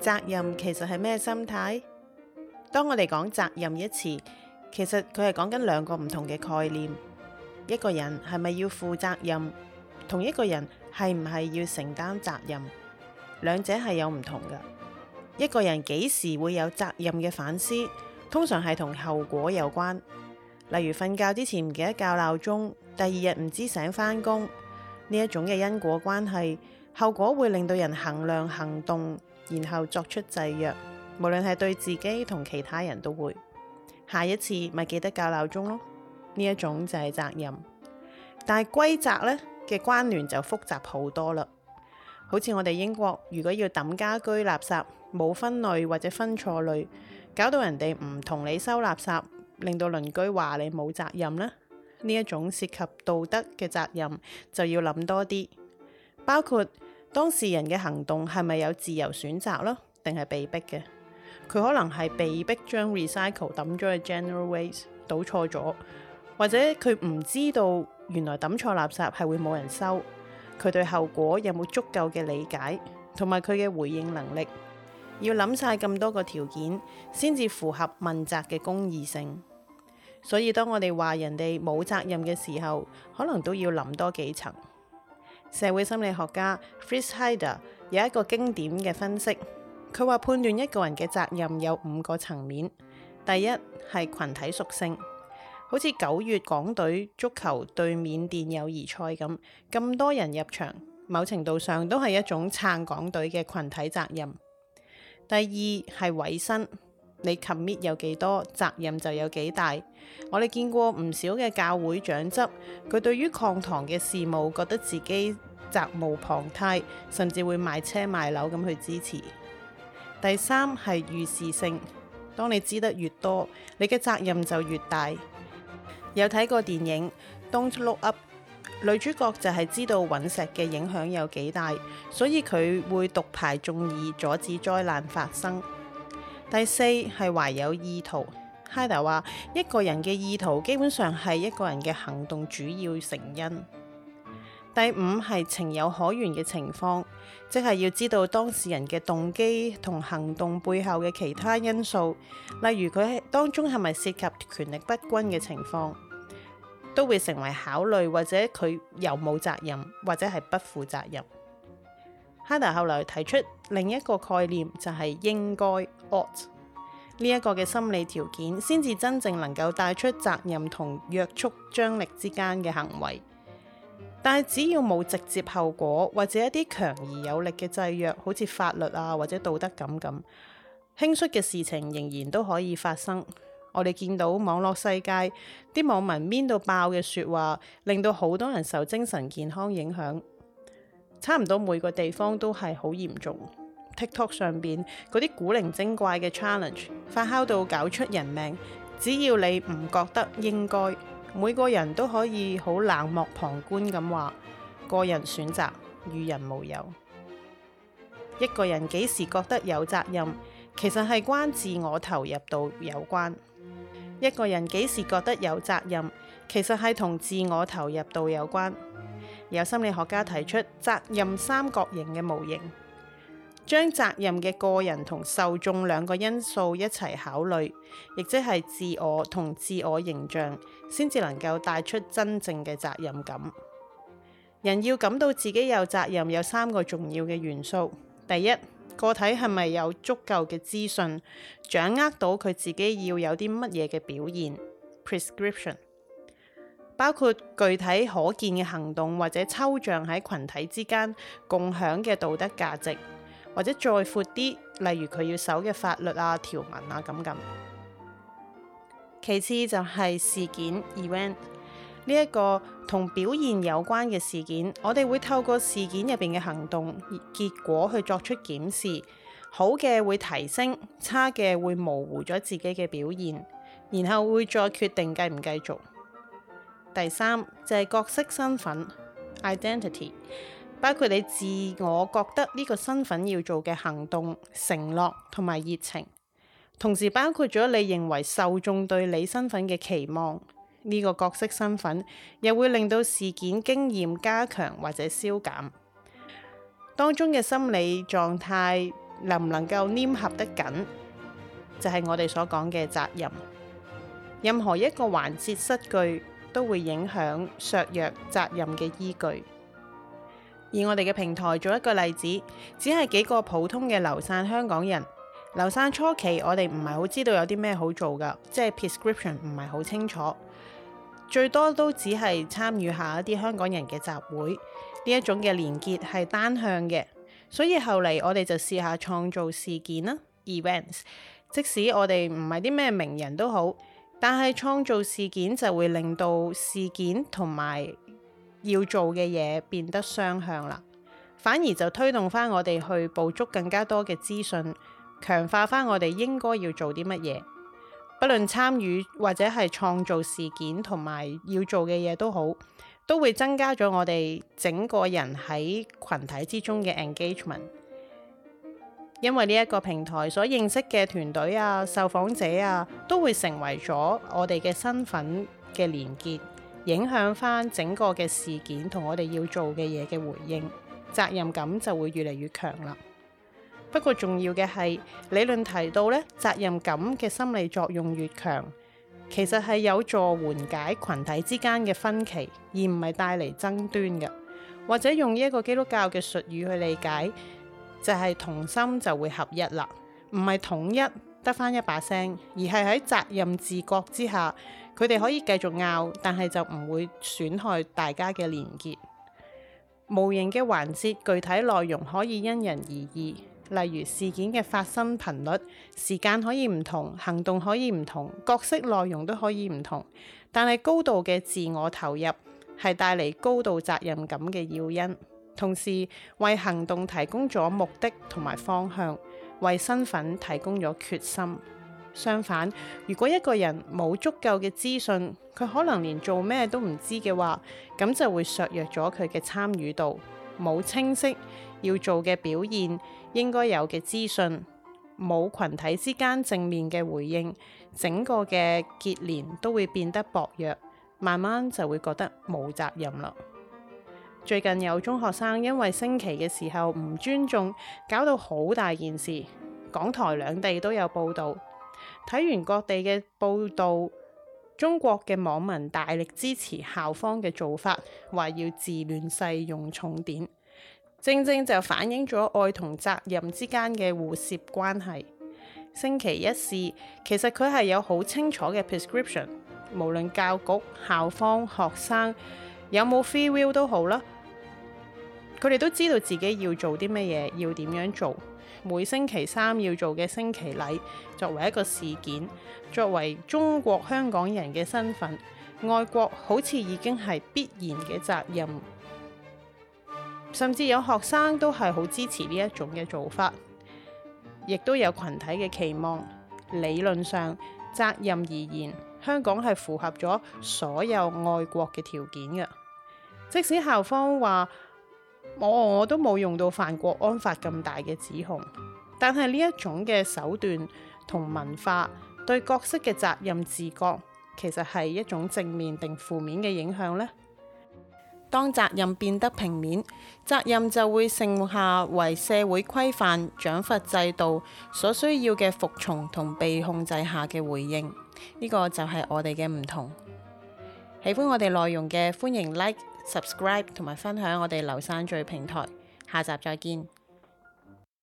責任其實係咩心態？當我哋講責任一詞，其實佢係講緊兩個唔同嘅概念。一個人係咪要負責任，同一個人係唔係要承擔責任，兩者係有唔同嘅。一個人幾時會有責任嘅反思，通常係同後果有關，例如瞓覺之前唔記得校鬧鐘，第二日唔知醒返工，呢一種嘅因果關係，後果會令到人衡量行動。然後作出制約，無論係對自己同其他人都會。下一次咪記得校鬧鐘咯。呢一種就係責任。但係規則呢嘅關聯就複雜好多啦。好似我哋英國，如果要抌家居垃圾冇分類或者分錯類，搞到人哋唔同你收垃圾，令到鄰居話你冇責任咧。呢一種涉及道德嘅責任就要諗多啲，包括。當事人嘅行動係咪有自由選擇咯？定係被逼嘅？佢可能係被逼將 recycle 抌咗去 general waste，y 倒錯咗，或者佢唔知道原來抌錯垃圾係會冇人收。佢對後果有冇足夠嘅理解，同埋佢嘅回應能力，要諗晒咁多個條件先至符合問責嘅公義性。所以當我哋話人哋冇責任嘅時候，可能都要諗多幾層。社會心理學家 Fritz Heider 有一個經典嘅分析，佢話判斷一個人嘅責任有五個層面。第一係群體屬性，好似九月港隊足球對緬甸友誼賽咁，咁多人入場，某程度上都係一種撐港隊嘅群體責任。第二係委身。你 commit 有幾多，責任就有幾大。我哋見過唔少嘅教會長執，佢對於抗堂嘅事務覺得自己責無旁貸，甚至會賣車賣樓咁去支持。第三係預視性，當你知得越多，你嘅責任就越大。有睇過電影《Don't Look Up》，女主角就係知道隕石嘅影響有幾大，所以佢會獨排眾議，阻止災難發生。第四係懷有意圖，Heider 話：一個人嘅意圖基本上係一個人嘅行動主要成因。第五係情有可原嘅情況，即係要知道當事人嘅動機同行動背後嘅其他因素，例如佢係當中係咪涉及權力不均嘅情況，都會成為考慮，或者佢有冇責任，或者係不負責任。Heider 後來提出另一個概念，就係、是、應該。o 呢一個嘅心理條件，先至真正能夠帶出責任同約束張力之間嘅行為。但係只要冇直接後果，或者一啲強而有力嘅制約，好似法律啊或者道德感咁輕率嘅事情，仍然都可以發生。我哋見到網絡世界啲網民 mean 到爆嘅説話，令到好多人受精神健康影響，差唔多每個地方都係好嚴重。TikTok 上邊嗰啲古靈精怪嘅 challenge，發酵到搞出人命。只要你唔覺得應該，每個人都可以好冷漠旁觀咁話，個人選擇與人無尤。一個人幾時覺得有責任，其實係關自我投入度有關。一個人幾時覺得有責任，其實係同自我投入度有關。有心理學家提出責任三角形嘅模型。將責任嘅個人同受眾兩個因素一齊考慮，亦即係自我同自我形象，先至能夠帶出真正嘅責任感。人要感到自己有責任，有三個重要嘅元素：第一，個體係咪有足夠嘅資訊，掌握到佢自己要有啲乜嘢嘅表現 （prescription），包括具體可見嘅行動，或者抽象喺群體之間共享嘅道德價值。或者再闊啲，例如佢要守嘅法律啊、條文啊咁咁。其次就係事件 event 呢一個同表現有關嘅事件，我哋會透過事件入邊嘅行動結果去作出檢視，好嘅會提升，差嘅會模糊咗自己嘅表現，然後會再決定繼唔繼續。第三就係角色身份 identity。包括你自我覺得呢個身份要做嘅行動、承諾同埋熱情，同時包括咗你認為受眾對你身份嘅期望。呢、這個角色身份又會令到事件經驗加強或者消減當中嘅心理狀態，能唔能夠黏合得緊，就係、是、我哋所講嘅責任。任何一個環節失據，都會影響削弱責任嘅依據。以我哋嘅平台做一個例子，只係幾個普通嘅流散香港人。流散初期，我哋唔係好知道有啲咩好做㗎，即係 prescription 唔係好清楚，最多都只係參與下一啲香港人嘅集會。呢一種嘅連結係單向嘅，所以後嚟我哋就試下創造事件啦，events。即使我哋唔係啲咩名人都好，但係創造事件就會令到事件同埋，要做嘅嘢變得雙向啦，反而就推動翻我哋去捕捉更加多嘅資訊，強化翻我哋應該要做啲乜嘢，不論參與或者係創造事件同埋要做嘅嘢都好，都會增加咗我哋整個人喺群體之中嘅 engagement，因為呢一個平台所認識嘅團隊啊、受訪者啊，都會成為咗我哋嘅身份嘅連結。影響翻整個嘅事件同我哋要做嘅嘢嘅回應，責任感就會越嚟越強啦。不過重要嘅係理論提到咧，責任感嘅心理作用越強，其實係有助緩解群體之間嘅分歧，而唔係帶嚟爭端嘅。或者用呢一個基督教嘅術語去理解，就係同心就會合一啦，唔係統一得翻一把聲，而係喺責任自覺之下。佢哋可以繼續拗，但係就唔會損害大家嘅連結。模型嘅環節，具體內容可以因人而異，例如事件嘅發生頻率、時間可以唔同，行動可以唔同，角色內容都可以唔同。但係高度嘅自我投入係帶嚟高度責任感嘅要因，同時為行動提供咗目的同埋方向，為身份提供咗決心。相反，如果一個人冇足夠嘅資訊，佢可能連做咩都唔知嘅話，咁就會削弱咗佢嘅參與度。冇清晰要做嘅表現，應該有嘅資訊，冇群體之間正面嘅回應，整個嘅結連都會變得薄弱，慢慢就會覺得冇責任啦。最近有中學生因為升旗嘅時候唔尊重，搞到好大件事，港台兩地都有報導。睇完各地嘅報道，中國嘅網民大力支持校方嘅做法，話要治亂世用重典，正正就反映咗愛同責任之間嘅互涉關係。星期一試，其實佢係有好清楚嘅 prescription，無論教局、校方、學生有冇 free will 都好啦。佢哋都知道自己要做啲乜嘢，要點樣做。每星期三要做嘅星期禮，作為一個事件，作為中國香港人嘅身份，愛國好似已經係必然嘅責任。甚至有學生都係好支持呢一種嘅做法，亦都有群體嘅期望。理論上，責任而言，香港係符合咗所有愛國嘅條件嘅。即使校方話。我我都冇用到犯國安法咁大嘅指控，但係呢一種嘅手段同文化對角色嘅責任自覺其實係一種正面定負面嘅影響咧？當責任變得平面，責任就會剩下為社會規範獎罰制度所需要嘅服從同被控制下嘅回應，呢個就係我哋嘅唔同。喜歡我哋內容嘅，歡迎 like。Subscribe 同埋分享我哋流散聚平台，下集再見。